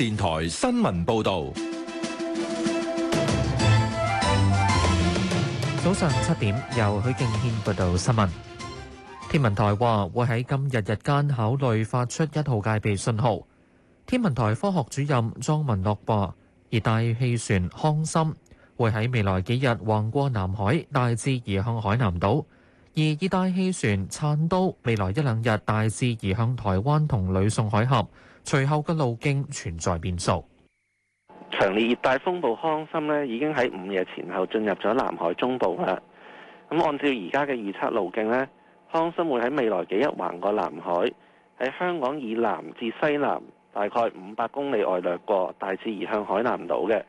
電臺新聞報道，早上七點，由許敬軒報道新聞。天文台話會喺今日日間考慮發出一號戒備信號。天文台科學主任莊文樂話：熱帶氣旋康森會喺未來幾日橫過南海，大致移向海南島；而熱帶氣旋燦都未來一兩日大致移向台灣同呂宋海峽。隨後嘅路徑存在變數。強烈熱帶風暴康森咧，已經喺午夜前後進入咗南海中部啦。咁按照而家嘅預測路徑咧，康森會喺未來幾日橫過南海，喺香港以南至西南，大概五百公里外掠過，大致移向海南島嘅。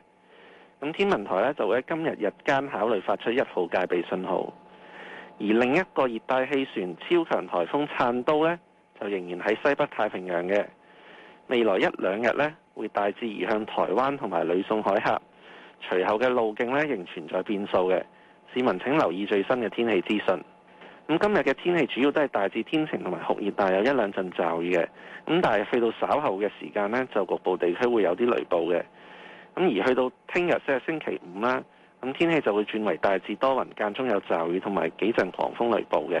咁天文台咧就會喺今日日間考慮發出一號戒備信號。而另一個熱帶氣旋超強颱風燦都咧，就仍然喺西北太平洋嘅。未來一兩日咧，會大致移向台灣同埋呂宋海峽，隨後嘅路徑咧仍存在變數嘅。市民請留意最新嘅天氣資訊。咁今日嘅天氣主要都係大致天晴同埋酷熱，但有一兩陣驟雨嘅。咁但係去到稍後嘅時間咧，就局部地區會有啲雷暴嘅。咁而去到聽日即係星期五啦，咁天氣就會轉為大致多雲間中有驟雨同埋幾陣狂風雷暴嘅。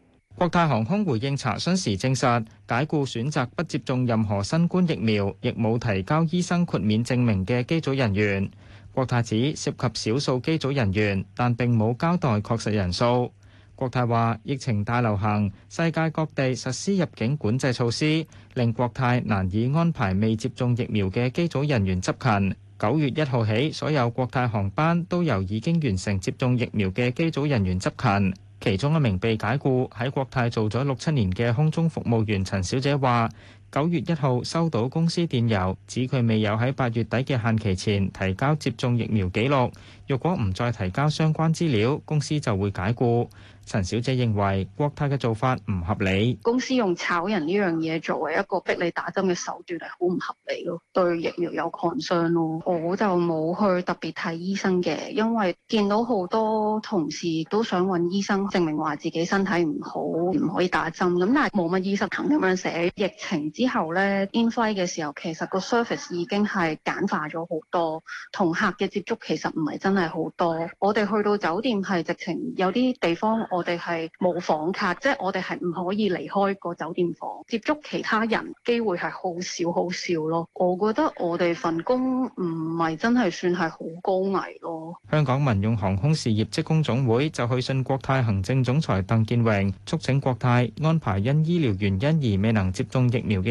國泰航空回應查詢時證實，解僱選擇不接種任何新冠疫苗，亦冇提交醫生豁免證明嘅機組人員。國泰指涉及少數機組人員，但並冇交代確實人數。國泰話：疫情大流行，世界各地實施入境管制措施，令國泰難以安排未接種疫苗嘅機組人員執勤。九月一號起，所有國泰航班都由已經完成接種疫苗嘅機組人員執勤。其中一名被解雇喺國泰做咗六七年嘅空中服務員陳小姐話。九月一號收到公司電郵，指佢未有喺八月底嘅限期前提交接種疫苗記錄。若果唔再提交相關資料，公司就會解雇。陳小姐認為國泰嘅做法唔合理。公司用炒人呢樣嘢作為一個逼你打針嘅手段，係好唔合理咯，對疫苗有抗傷咯。我就冇去特別睇醫生嘅，因為見到好多同事都想揾醫生證明話自己身體唔好，唔可以打針，咁，但係冇乜醫生肯咁樣寫疫情。之後咧 Infly 嘅時候，其實個 service 已經係簡化咗好多，同客嘅接觸其實唔係真係好多。我哋去到酒店係直情有啲地方，我哋係冇房卡，即係我哋係唔可以離開個酒店房，接觸其他人機會係好少好少咯。我覺得我哋份工唔係真係算係好高危咯。香港民用航空事業職工總會就去信國泰行政總裁鄧建榮，促請國泰安排因醫療原因而未能接種疫苗嘅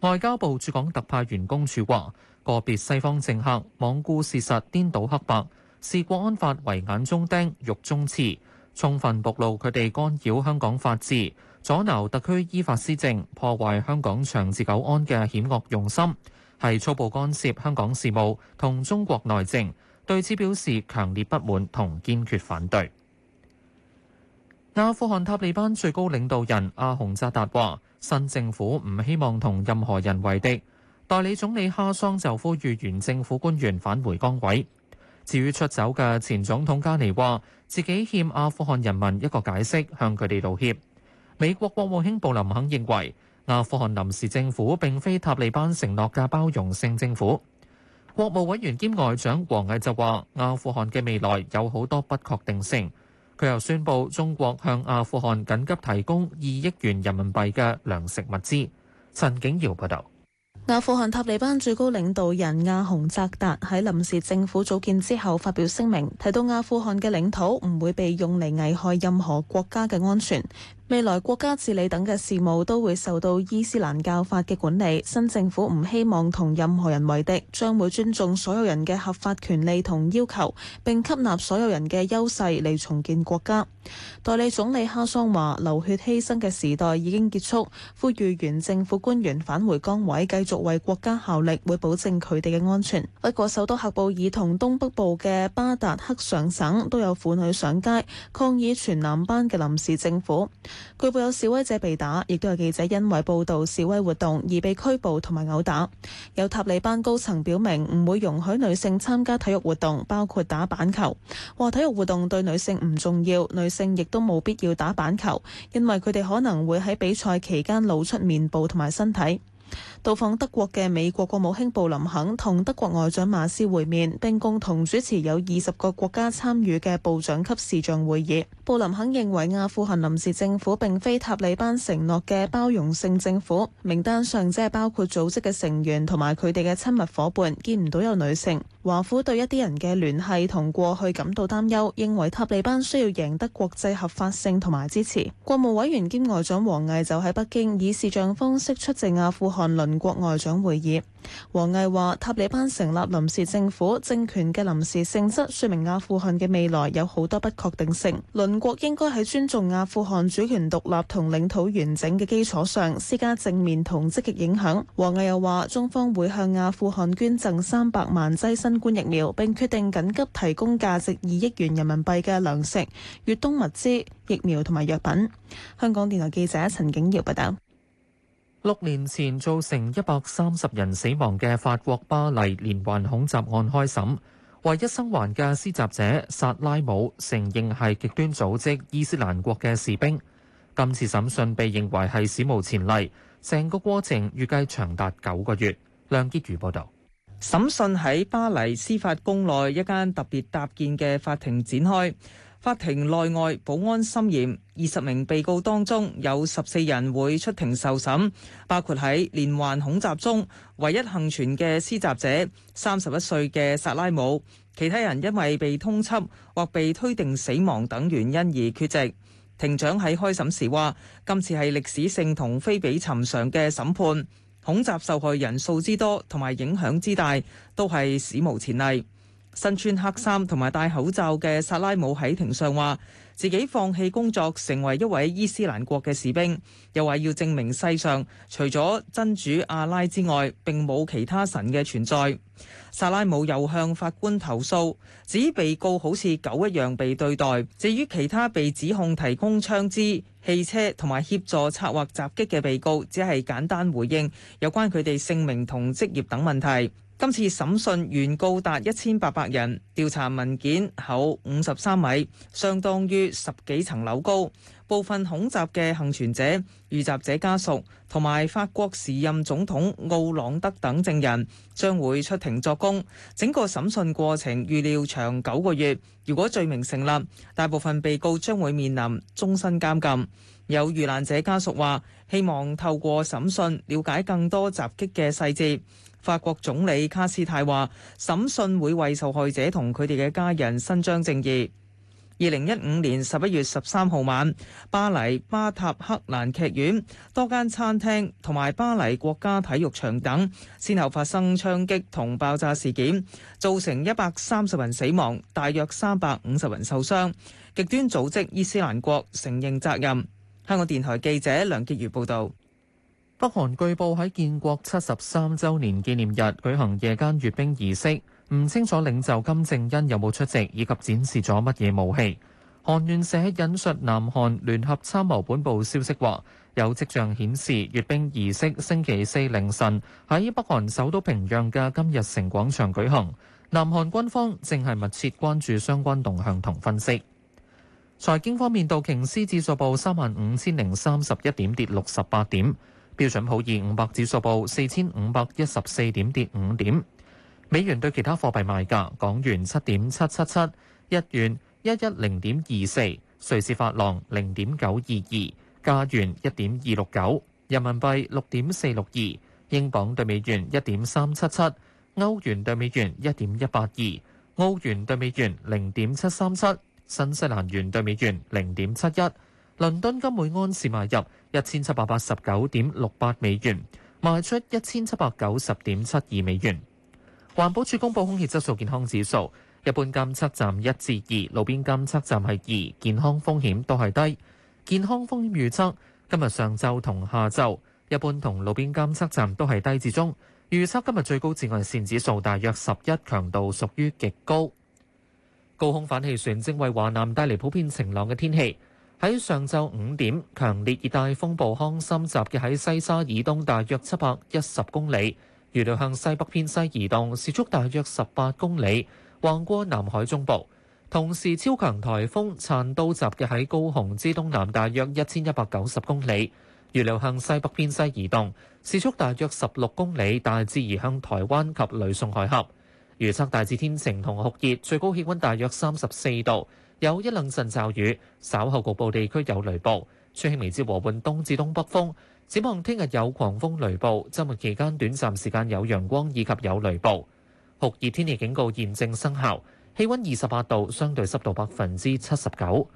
外交部駐港特派員公署話：個別西方政客罔顧事實、顛倒黑白，視國安法為眼中釘、肉中刺，充分暴露佢哋干擾香港法治、阻撓特區依法施政、破壞香港長治久安嘅險惡用心，係粗暴干涉香港事務同中國內政。對此表示強烈不滿同堅決反對。阿富汗塔利班最高領導人阿洪扎達話。新政府唔希望同任何人為敵。代理總理哈桑就呼籲原政府官員返回崗位。至於出走嘅前總統加尼話，自己欠阿富汗人民一個解釋，向佢哋道歉。美國國務卿布林肯認為，阿富汗臨時政府並非塔利班承諾嘅包容性政府。國務委員兼外長王毅就話，阿富汗嘅未來有好多不確定性。佢又宣布，中國向阿富汗緊急提供二億元人民幣嘅糧食物資。陳景耀報道，阿富汗塔利班最高領導人阿洪扎達喺臨時政府組建之後發表聲明，提到阿富汗嘅領土唔會被用嚟危害任何國家嘅安全。未來國家治理等嘅事務都會受到伊斯蘭教法嘅管理。新政府唔希望同任何人為敵，將會尊重所有人嘅合法權利同要求，並吸納所有人嘅優勢嚟重建國家。代理總理哈桑話：流血犧牲嘅時代已經結束，呼籲原政府官員返回崗位，繼續為國家效力，會保證佢哋嘅安全。不過，首都喀布爾同東北部嘅巴達克尚省都有婦女上街抗議全男班嘅臨時政府。據報有示威者被打，亦都有記者因為報導示威活動而被拘捕同埋毆打。有塔利班高層表明唔會容許女性參加體育活動，包括打板球，話體育活動對女性唔重要，女性亦都冇必要打板球，因為佢哋可能會喺比賽期間露出面部同埋身體。到訪德國嘅美國國務卿布林肯同德國外長馬斯會面，並共同主持有二十個國家參與嘅部長級視像會議。布林肯認為阿富汗臨時政府並非塔利班承諾嘅包容性政府，名單上即係包括組織嘅成員同埋佢哋嘅親密夥伴，見唔到有女性。華府對一啲人嘅聯繫同過去感到擔憂，認為塔利班需要贏得國際合法性同埋支持。國務委員兼外長王毅就喺北京以視像方式出席阿富汗臨國外長會議，王毅話：塔利班成立臨時政府，政權嘅臨時性質，說明阿富汗嘅未來有好多不確定性。鄰國應該喺尊重阿富汗主權獨立同領土完整嘅基礎上，施加正面同積極影響。王毅又話：中方會向阿富汗捐贈三百萬劑新冠疫苗，並決定緊急提供價值二億元人民幣嘅糧食、越冬物資、疫苗同埋藥品。香港電台記者陳景堯報道。六年前造成一百三十人死亡嘅法國巴黎連環恐襲案開審，唯一生還嘅施襲者薩拉姆承認係極端組織伊斯蘭國嘅士兵。今次審訊被認為係史無前例，成個過程預計長達九個月。梁潔如報道。審訊喺巴黎司法宮內一間特別搭建嘅法庭展開。法庭內外保安森嚴，二十名被告當中有十四人會出庭受審，包括喺連環恐襲中唯一幸存嘅施襲者、三十一歲嘅薩拉姆。其他人因為被通緝或被推定死亡等原因而缺席。庭長喺開審時話，今次係歷史性同非比尋常嘅審判，恐襲受害人數之多同埋影響之大，都係史無前例。身穿黑衫同埋戴口罩嘅薩拉姆喺庭上話：自己放棄工作，成為一位伊斯蘭國嘅士兵，又話要證明世上除咗真主阿拉之外並冇其他神嘅存在。薩拉姆又向法官投訴，指被告好似狗一樣被對待。至於其他被指控提供槍支、汽車同埋協助策劃襲擊嘅被告，只係簡單回應有關佢哋姓名同職業等問題。今次審訊原告達一千八百人，調查文件厚五十三米，相當於十幾層樓高。部分恐襲嘅幸存者、遇襲者家屬同埋法國時任總統奧朗德等證人將會出庭作供。整個審訊過程預料長九個月。如果罪名成立，大部分被告將會面臨終身監禁。有遇難者家屬話，希望透過審訊了解更多襲擊嘅細節。法國總理卡斯泰話：審訊會為受害者同佢哋嘅家人伸張正義。二零一五年十一月十三號晚，巴黎巴塔克蘭劇院、多間餐廳同埋巴黎國家體育場等先後發生槍擊同爆炸事件，造成一百三十人死亡，大約三百五十人受傷。極端組織伊斯蘭國承認責任。香港電台記者梁潔如報道。北韓據報喺建國七十三週年紀念日舉行夜間閱兵儀式，唔清楚領袖金正恩有冇出席，以及展示咗乜嘢武器。韓聯社引述南韓聯合參謀本部消息話，有跡象顯示閱兵儀式星期四凌晨喺北韓首都平壤嘅金日成廣場舉行。南韓軍方正係密切關注相關動向同分析。財經方面，道瓊斯指數報三萬五千零三十一點，跌六十八點。標準普爾五百指數報四千五百一十四點，跌五點。美元對其他貨幣賣價：港元七點七七七，日元一一零點二四，瑞士法郎零點九二二，加元一點二六九，人民幣六點四六二，英鎊對美元一點三七七，歐元對美元一點一八二，澳元對美元零點七三七，新西蘭元對美元零點七一。倫敦金每盎司買入一千七百八十九點六八美元，賣出一千七百九十點七二美元。環保署公布空氣質素健康指數，一般監測站一至二，路邊監測站係二，健康風險都係低。健康風險預測今日上晝同下晝，一般同路邊監測站都係低至中。預測今日最高紫外線指數大約十一，強度屬於極高。高空反氣旋正為華南帶嚟普遍晴朗嘅天氣。喺上晝五點，強烈熱帶風暴康森集結喺西沙以東大約七百一十公里，預料向西北偏西移動，時速大約十八公里，橫過南海中部。同時，超強颱風燦都集結喺高雄之東南大約一千一百九十公里，預料向西北偏西移動，時速大約十六公里，大致移向台灣及呂宋海峽。預測大致天晴同酷熱，最高氣温大約三十四度。有一兩陣驟雨，稍後局部地區有雷暴。吹輕微至和緩東至東北風。展望聽日有狂風雷暴，周末期間短暫時間有陽光以及有雷暴。酷熱天氣警告現正生效，氣温二十八度，相對濕度百分之七十九。